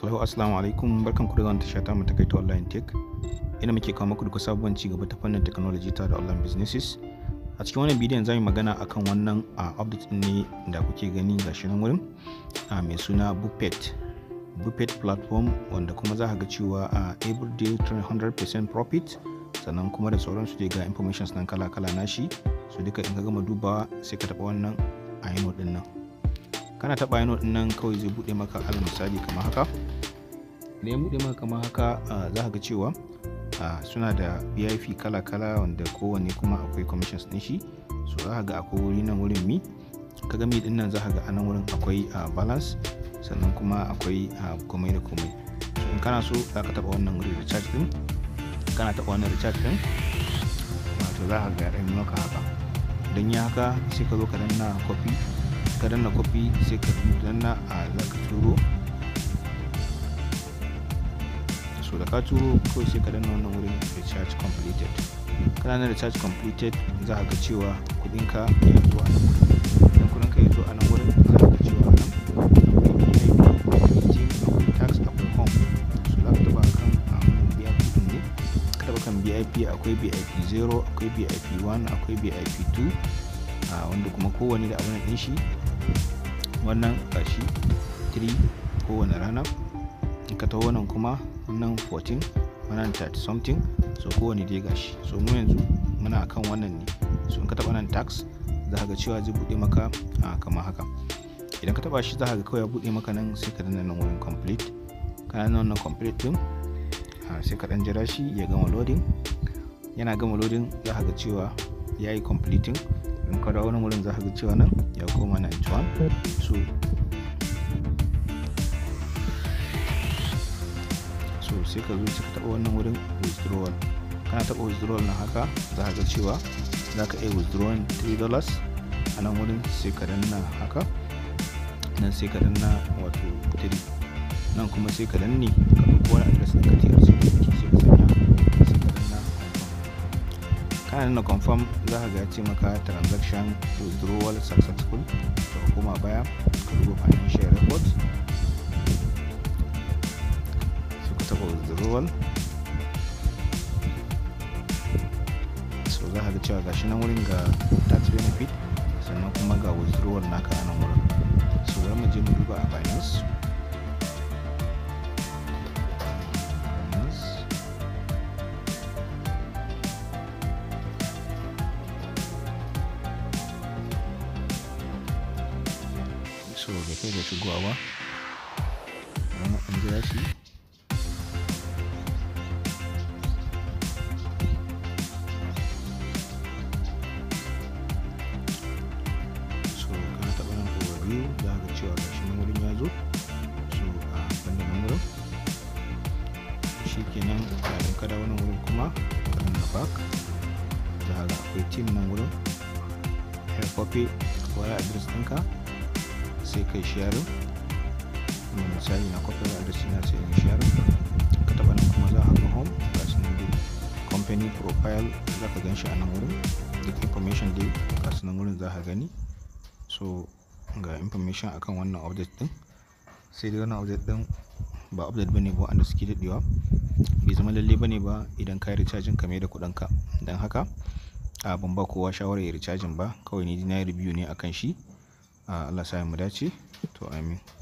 Hello, assalamu alaikum barkan ku da zuwa tasha ta mata ta online tech. Ina muke kawo muku duka sabon ci gaba ta fannin technology ta da online businesses. A cikin wannan bidiyon zamu magana akan wannan a update din ne da kuke gani ga nan wurin a mai suna Bupet. Bupet platform wanda kuma za ka ga cewa a everyday 300% profit sannan kuma da sauran su ga informations nan kala-kala nashi. su duka in ka gama dubawa sai ka taɓa wannan a yi din nan. kana taɓa yano ɗin nan kawai zai buɗe maka alal misali kamar haka da ya buɗe maka kamar haka za ka ga cewa suna da vip kala-kala wanda kowanne kuma akwai commissions ɗin shi so za ka ga akwai wuri nan wurin mi ka ga mi ɗin nan za ka ga anan wurin akwai balance sannan kuma akwai komai da komai in kana so za ka taɓa wannan wuri recharge ɗin kana taɓa wannan recharge ɗin wato za ka ga ya maka haka don ya haka sai ka zo ka danna copy ka danna copy sai ka danna a za ka turo so da ka turo kawai sai ka danna wannan wurin recharge completed kana da recharge completed za ka ga cewa kudinka ya zo a nan wurin. idan kudinka ya zo a nan wurin za ka ga cewa a nan akwai vip akwai jim akwai tax akwai home kan vip din ne ka taba kan vip akwai vip 0 akwai B.I.P 1 akwai vip 2 uh, wanda kuma kowane da abin din shi wannan gashi 3 kowane rana in ka taho wannan kuma wannan 14 wannan 30 something so kowane dai gashi so mu yanzu muna kan wannan ne so in ka taba nan tax za ka ga cewa zai bude maka kamar haka idan ka taba shi za ka ga kawai ya bude maka nan sai ka danna nan wurin complete kana nan wannan complete din sai ka dan jira shi ya gama loading yana gama loading za ka ga cewa ya yi completing in kada wani wurin za ka ga cewa nan ya koma 91 so so sai ka zo sai ka taɓa wannan wurin withdrawal kana taɓa withdrawal na haka za ka ga cewa za ka iya withdrawing 3 dollars a nan wurin sai ka danna haka nan sai ka danna wato 3 nan kuma sai ka danne ka ɗauko wani adres ɗin ka tiyar sai ka sanya kana na confirm za ka ga ce maka transaction withdrawal successful to koma baya ka duba financial report so ka taba withdrawal so za ka ga cewa gashi nan wurin ga tax benefit sannan kuma ga withdrawal naka a nan wurin so bari mu je mu duba a binance so bai kai da shigowa ba an shi so ka taɓa nan kowabe za ka cewa gashi nan wurin ya zo so a banda kada kuma akwai address ɗinka sai kai sharing misali na copy address na sai yin sharing ka taba nan kuma za a ga home ga su nan company profile za ka gan shi a nan wurin duk information dai ga su nan wurin za ka gani so ga information akan wannan object din sai dai wannan object din ba update bane ba wanda suke dadewa bai zama lalle bane ba idan ka yi recharging ka da kudin ka don haka a ban ba kowa shawarar ya recharging ba kawai ni na review ne akan shi Ah, Allah sa mu dace to amin